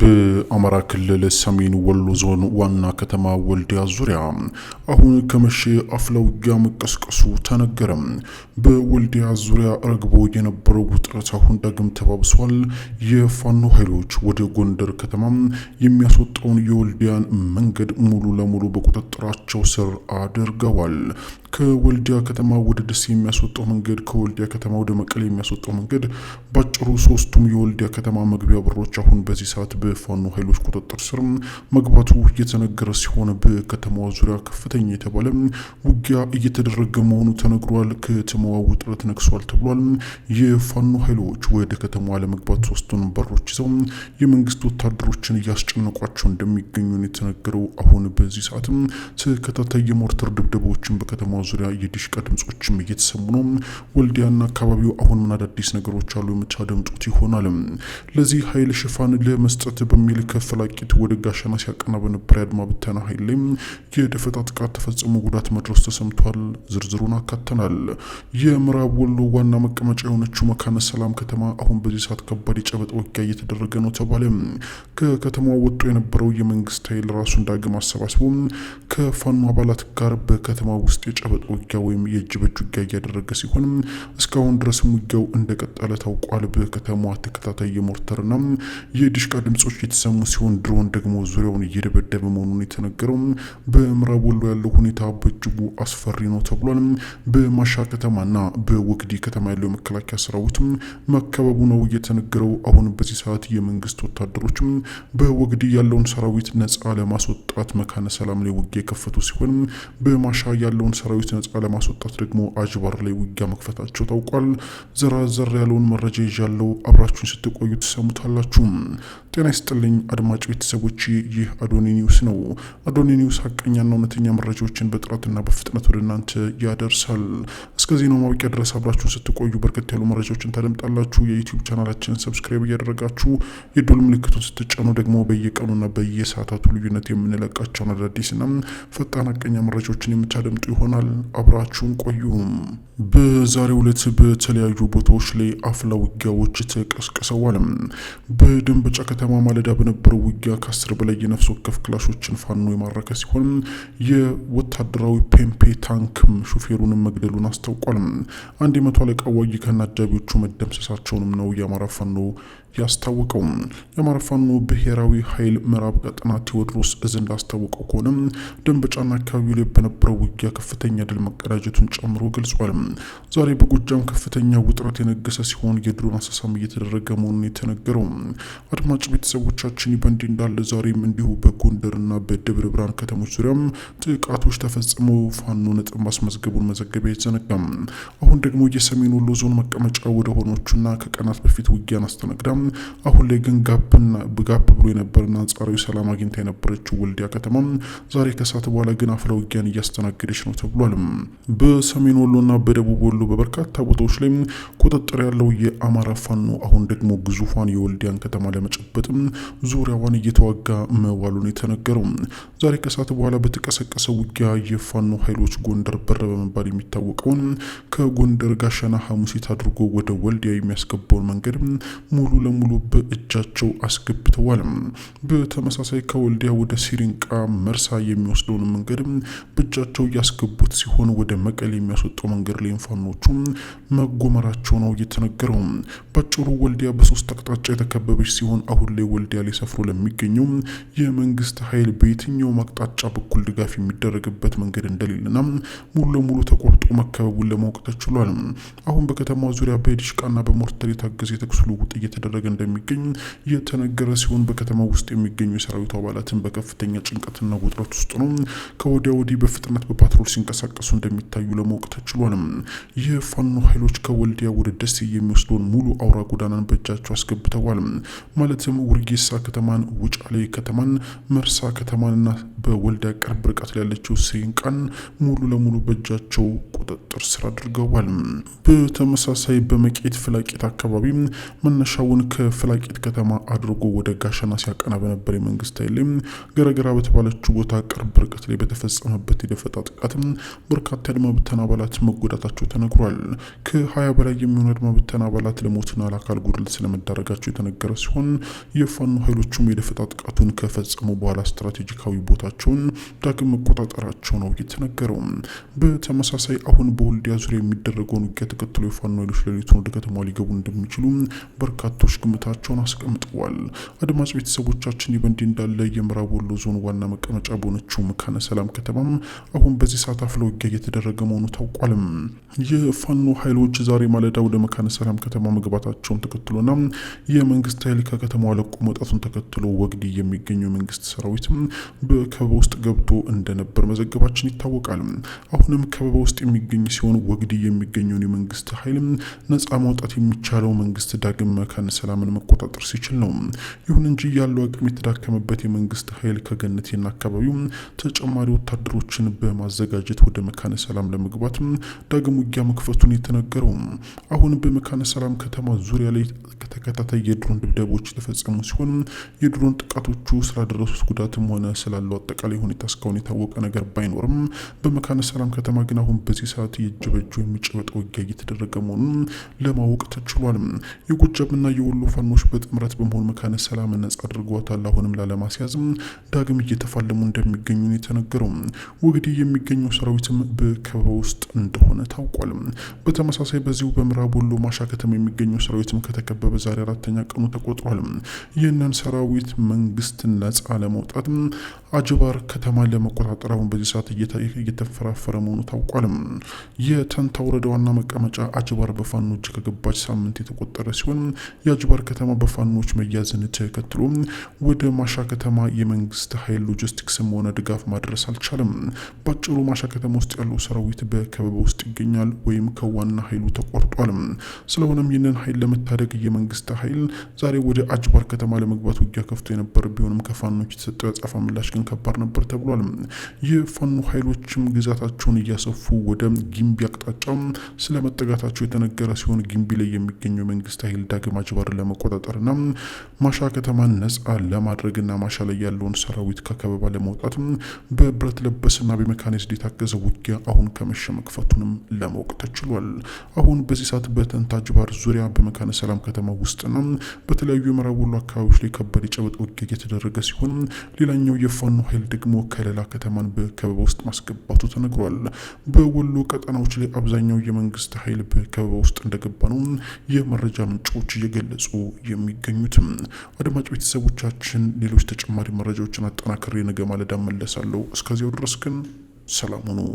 በአማራ ክልል ሰሜን ወሎ ዞን ዋና ከተማ ወልዲያ ዙሪያ አሁን ከመሸ አፍላ ውጊያ መቀስቀሱ ተነገረም። በወልዲያ ዙሪያ ረግቦ የነበረው ውጥረት አሁን ዳግም ተባብሷል። የፋኖ ኃይሎች ወደ ጎንደር ከተማ የሚያስወጣውን የወልዲያን መንገድ ሙሉ ለሙሉ በቁጥጥራቸው ስር አድርገዋል። ከወልዲያ ከተማ ወደ ደሴ የሚያስወጣው መንገድ፣ ከወልዲያ ከተማ ወደ መቀሌ የሚያስወጣው መንገድ፣ ባጭሩ ሶስቱም የወልዲያ ከተማ መግቢያ በሮች አሁን በዚህ ሰዓት በፋኖ ኃይሎች ቁጥጥር ስር መግባቱ የተነገረ ሲሆን በከተማዋ ዙሪያ ከፍተኛ የተባለ ውጊያ እየተደረገ መሆኑ ተነግሯል። ከተማዋ ውጥረት ነግሷል ተብሏል። የፋኖ ኃይሎች ወደ ከተማዋ ለመግባት ሶስቱን በሮች ይዘው የመንግስት ወታደሮችን እያስጨነቋቸው እንደሚገኙ የተነገረው አሁን በዚህ ሰዓትም ተከታታይ የሞርተር ድብደባዎችን በከተማዋ ዙሪያ የዲሽቃ ድምጾችም እየተሰሙ ነው። ወልዲያና አካባቢው አሁን ምን አዳዲስ ነገሮች አሉ? የምቻ ደምጡት ይሆናል ለዚህ ኃይል ሽፋን ለመስጠት መስጠት በሚል ከፈላቂት ወደ ጋሸና ሲያቀና በነበረ የአድማ ብተና ኃይል የደፈጣ ጥቃት ተፈጽሞ ጉዳት መድረስ ተሰምቷል። ዝርዝሩን አካተናል። የምዕራብ ወሎ ዋና መቀመጫ የሆነችው መካነ ሰላም ከተማ አሁን በዚህ ሰዓት ከባድ የጨበጣ ውጊያ እየተደረገ ነው ተባለ። ከከተማዋ ወጡ የነበረው የመንግስት ኃይል ራሱን ዳግም አሰባስቦ ከፋኖ አባላት ጋር በከተማ ውስጥ የጨበጥ ውጊያ ወይም የእጅ በእጅ ውጊያ እያደረገ ሲሆንም እስካሁን ድረስም ውጊያው እንደቀጠለ ታውቋል። በከተማዋ ተከታታይ የሞርተርና የድሽቃ ድምጾች የተሰሙ ሲሆን ድሮን ደግሞ ዙሪያውን እየደበደበ መሆኑን የተነገረው በምዕራብ ወሎ ያለው ሁኔታ በእጅጉ አስፈሪ ነው ተብሏል። በማሻ ከተማና በወግዲ ከተማ ያለው የመከላከያ ሰራዊትም መከበቡ ነው እየተነገረው። አሁን በዚህ ሰዓት የመንግስት ወታደሮችም በወግዲ ያለውን ሰራዊት ነጻ ለማስወጣት መካነ ሰላም ላይ ውጊያ የከፈቱ ሲሆን በማሻ ያለውን ሰራዊት ነጻ ለማስወጣት ደግሞ አጅባር ላይ ውጊያ መክፈታቸው ታውቋል። ዘራዘር ያለውን መረጃ ይዣለው አብራችሁን ስትቆዩ ትሰሙታላችሁ። ጤና ይስጥልኝ አድማጭ ቤተሰቦች፣ ይህ አዶኒ ኒውስ ነው። አዶኒ ኒውስ ሀቀኛና እውነተኛ መረጃዎችን በጥራትና በፍጥነት ወደ እናንተ ያደርሳል። እስከ ዜናው ማብቂያ ድረስ አብራችሁን ስትቆዩ በርከት ያሉ መረጃዎችን ታደምጣላችሁ። የዩቲዩብ ቻናላችንን ሰብስክራይብ እያደረጋችሁ የዶል ምልክቱን ስትጫኑ ደግሞ በየቀኑና በየሰዓታቱ ልዩነት የምንለቃቸውን አዳዲስና ፈጣን ሀቀኛ መረጃዎችን የምታደምጡ ይሆናል። አብራችሁን ቆዩ። በዛሬው ዕለት በተለያዩ ቦታዎች ላይ አፍላ ውጊያዎች ተቀስቅሰዋል። በደንበጫ ከተማ ማለዳ በነበረው ውጊያ ከአስር በላይ የነፍስ ወከፍ ክላሾችን ፋኖ የማረከ ሲሆን የወታደራዊ ፔምፔ ታንክም ሹፌሩንም መግደሉን አስታውቋል። አንድ የመቶ አለቃ ዋይ ከና አጃቢዎቹ መደምሰሳቸውንም ነው የአማራ ፋኖ ያስታወቀው። የአማራ ፋኖ ብሔራዊ ኃይል ምዕራብ ቀጠና ቴዎድሮስ እዝ እንዳስታወቀው ከሆነ ደንበጫና አካባቢው ላይ በነበረው ውጊያ ከፍተኛ ድል መቀዳጀቱን ጨምሮ ገልጿል። ዛሬ በጎጃም ከፍተኛ ውጥረት የነገሰ ሲሆን የድሮን አሰሳም እየተደረገ መሆኑን የተነገረው አድማጭ ቤተሰቦቻችን በእንዲህ እንዳለ ዛሬም እንዲሁ በጎንደርና በደብረ ብርሃን ከተሞች ዙሪያም ጥቃቶች ተፈጽመው ፋኖ ነጥብ ማስመዝገቡን መዘገቢያ አይዘነጋም። አሁን ደግሞ የሰሜን ወሎ ዞን መቀመጫ ወደ ሆኖቹና ከቀናት በፊት ውጊያን አስተናግዳ አሁን ላይ ግን ጋብና ብሎ የነበርና አንጻራዊ ሰላም አግኝታ የነበረችው ወልዲያ ከተማ ዛሬ ከሰዓት በኋላ ግን አፍላ ውጊያን እያስተናገደች ነው ተብሏል። በሰሜን ወሎና በደቡብ ወሎ በበርካታ ቦታዎች ላይ ቁጥጥር ያለው የአማራ ፋኖ አሁን ደግሞ ግዙፏን የወልዲያን ከተማ ለመጨበጥ በመገልበጥም ዙሪያዋን እየተዋጋ መዋሉን የተነገረው ዛሬ ከሰዓት በኋላ በተቀሰቀሰ ውጊያ የፋኖ ኃይሎች ጎንደር በር በመባል የሚታወቀውን ከጎንደር ጋሻና ሐሙሲት አድርጎ ወደ ወልዲያ የሚያስገባውን መንገድ ሙሉ ለሙሉ በእጃቸው አስገብተዋል። በተመሳሳይ ከወልዲያ ወደ ሲሪንቃ መርሳ የሚወስደውን መንገድ በእጃቸው እያስገቡት ሲሆን ወደ መቀሌ የሚያስወጣው መንገድ ላይ ፋኖቹ መጎመራቸው ነው የተነገረው። በአጭሩ ወልዲያ በሶስት አቅጣጫ የተከበበች ሲሆን አሁን ሁሌ ወልዲያ ላይ ሰፍሮ ለሚገኘው የመንግስት ኃይል በየትኛውም አቅጣጫ በኩል ድጋፍ የሚደረግበት መንገድ እንደሌለና ሙሉ ለሙሉ ተቆርጦ መከበቡን ለማወቅ ተችሏል። አሁን በከተማ ዙሪያ በዲሽቃና በሞርተር የታገዘ የተኩስ ልውውጥ እየተደረገ እንደሚገኝ የተነገረ ሲሆን በከተማ ውስጥ የሚገኙ የሰራዊቱ አባላትን በከፍተኛ ጭንቀትና ውጥረት ውስጥ ነው። ከወዲያ ወዲህ በፍጥነት በፓትሮል ሲንቀሳቀሱ እንደሚታዩ ለማወቅ ተችሏል። የፋኖ ኃይሎች ከወልዲያ ወደ ደሴ የሚወስደውን ሙሉ አውራ ጎዳናን በእጃቸው አስገብተዋል። ማለትም ማለትም ውርጌሳ ከተማን፣ ውጫሌ ከተማን፣ መርሳ ከተማንና በወልዲያ ቅርብ ርቀት ላይ ያለችው ሲንቃን ሙሉ ለሙሉ በእጃቸው ቁጥጥር ስር አድርገዋል። በተመሳሳይ በመቄት ፍላቂት አካባቢ መነሻውን ከፍላቂት ከተማ አድርጎ ወደ ጋሻና ሲያቀና በነበር የመንግስት ኃይል ገረገራ በተባለችው ቦታ ቅርብ ርቀት ላይ በተፈጸመበት የደፈጣ ጥቃት በርካታ የአድማ ብተን አባላት መጎዳታቸው ተነግሯል። ከሀያ በላይ የሚሆኑ አድማ ብተን አባላት ለሞትና ለአካል ጉድለት ስለመዳረጋቸው የተነገረ ሲሆን የፋኖ ኃይሎቹም የደፈጣ ጥቃቱን ከፈጸሙ በኋላ ስትራቴጂካዊ ቦታቸውን ዳግም መቆጣጠራቸው ነው የተነገረው። በተመሳሳይ አሁን በወልዲያ ዙሪያ የሚደረገውን ውጊያ ተከትሎ የፋኖ ኃይሎች ሌሊቱን ወደ ከተማ ሊገቡ እንደሚችሉ በርካቶች ግምታቸውን አስቀምጠዋል። አድማጭ ቤተሰቦቻችን በእንዲህ እንዳለ የምዕራብ ወሎ ዞን ዋና መቀመጫ በሆነችው መካነ ሰላም ከተማም አሁን በዚህ ሰዓት አፍለ ውጊያ እየተደረገ መሆኑ ታውቋልም። የፋኖ ኃይሎች ዛሬ ማለዳ ወደ መካነ ሰላም ከተማ መግባታቸውን ተከትሎና የመንግስት ኃይል ከከተማ አለቁ መውጣቱን ተከትሎ ወግዲ የሚገኘው የመንግስት ሰራዊት በከበባ ውስጥ ገብቶ እንደነበር መዘገባችን ይታወቃል። አሁንም ከበባ ውስጥ የሚገኝ ሲሆን ወግዲ የሚገኘውን የመንግስት ኃይል ነጻ ማውጣት የሚቻለው መንግስት ዳግም መካነ ሰላምን መቆጣጠር ሲችል ነው። ይሁን እንጂ ያለው አቅም የተዳከመበት የመንግስት ኃይል ከገነቴና አካባቢው ተጨማሪ ወታደሮችን በማዘጋጀት ወደ መካነ ሰላም ለመግባት ዳግም ውጊያ መክፈቱን የተነገረው አሁን በመካነ ሰላም ከተማ ዙሪያ ላይ ከተከታታይ የድሮን ድብደቦች ተፈጽ የተፈጸሙ ሲሆን የድሮን ጥቃቶቹ ስላደረሱት ጉዳትም ሆነ ስላለው አጠቃላይ ሁኔታ እስካሁን የታወቀ ነገር ባይኖርም በመካነ ሰላም ከተማ ግን አሁን በዚህ ሰዓት የእጅበእጅ የሚጨበጥ ውጊያ እየተደረገ መሆኑን ለማወቅ ተችሏል። የጎጃምና የወሎ ፋኖች በጥምረት በመሆን መካነ ሰላም ነጻ አድርገዋታል። አሁንም ላለማስያዝም ዳግም እየተፋለሙ እንደሚገኙ የተነገረው ወግዲህ የሚገኘው ሰራዊትም በከበባ ውስጥ እንደሆነ ታውቋል። በተመሳሳይ በዚሁ በምዕራብ ወሎ ማሻ ከተማ የሚገኘው ሰራዊትም ከተከበበ ዛሬ አራተኛ ቀኑ ተቆጥሯል። ይህንን ሰራዊት መንግስት ነጻ ለመውጣት አጅባር ከተማን ለመቆጣጠር አሁን በዚህ ሰዓት እየተፈራፈረ መሆኑ ታውቋል። የተንታ ወረዳ ዋና መቀመጫ አጅባር በፋኖች ከገባች ሳምንት የተቆጠረ ሲሆን የአጅባር ከተማ በፋኖች መያዝን ተከትሎ ወደ ማሻ ከተማ የመንግስት ኃይል ሎጂስቲክስም ሆነ ድጋፍ ማድረስ አልቻለም። ባጭሩ ማሻ ከተማ ውስጥ ያለው ሰራዊት በከበበ ውስጥ ይገኛል ወይም ከዋና ኃይሉ ተቆርጧል። ስለሆነም ይህንን ኃይል ለመታደግ የመንግስት ኃይል ዛሬ ወደ አጅባር ባህር ከተማ ለመግባት ውጊያ ከፍቶ የነበረ ቢሆንም ከፋኖች የተሰጠው የአጸፋ ምላሽ ግን ከባድ ነበር ተብሏል። የፋኖ ኃይሎችም ግዛታቸውን እያሰፉ ወደ ጊምቢ አቅጣጫ ስለመጠጋታቸው የተነገረ ሲሆን ጊምቢ ላይ የሚገኘው መንግስት ኃይል ዳግም አጅባር ለመቆጣጠርና ማሻ ከተማን ነጻ ለማድረግና ማሻ ላይ ያለውን ሰራዊት ከከበባ ለመውጣት በብረት ለበስና በሜካኒዝድ የታገዘ ውጊያ አሁን ከመሸ መክፈቱንም ለማወቅ ተችሏል። አሁን በዚህ ሰዓት በተንታ አጅባር ዙሪያ በመካነ ሰላም ከተማ ውስጥና በተለያዩ የምዕራብ ወሎ አካባቢዎች ላይ ከባድ የጨበጥ ውጊያ እየተደረገ ሲሆን ሌላኛው የፋኖ ኃይል ደግሞ ከሌላ ከተማን በከበባ ውስጥ ማስገባቱ ተነግሯል። በወሎ ቀጠናዎች ላይ አብዛኛው የመንግስት ኃይል በከበባ ውስጥ እንደገባ ነው የመረጃ ምንጮች እየገለጹ የሚገኙትም። አድማጭ ቤተሰቦቻችን ሌሎች ተጨማሪ መረጃዎችን አጠናክሬ ነገ ማለዳ መለሳለሁ። እስከዚያው ድረስ ግን ሰላም ሁኑ።